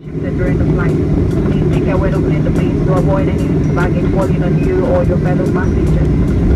during the flight, please take way to clean the plane to avoid any baggage falling on you or your fellow passengers.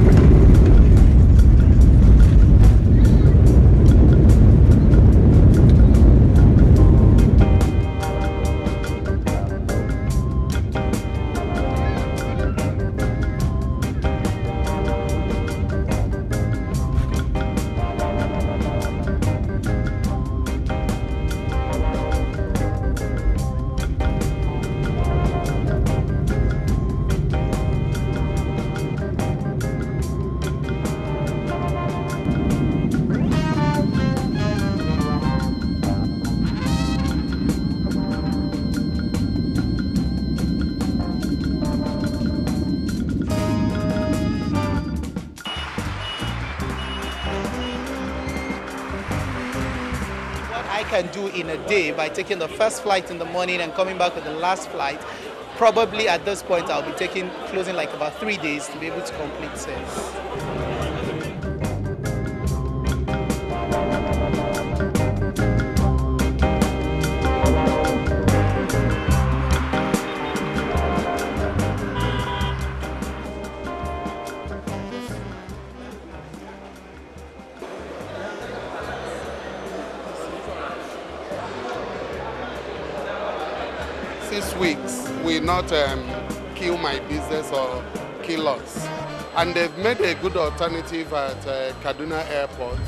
I can do in a day by taking the first flight in the morning and coming back with the last flight, probably at this point I'll be taking closing like about three days to be able to complete sales. six weeks will not um, kill my business or kill us. And they've made a good alternative at uh, Kaduna Airport.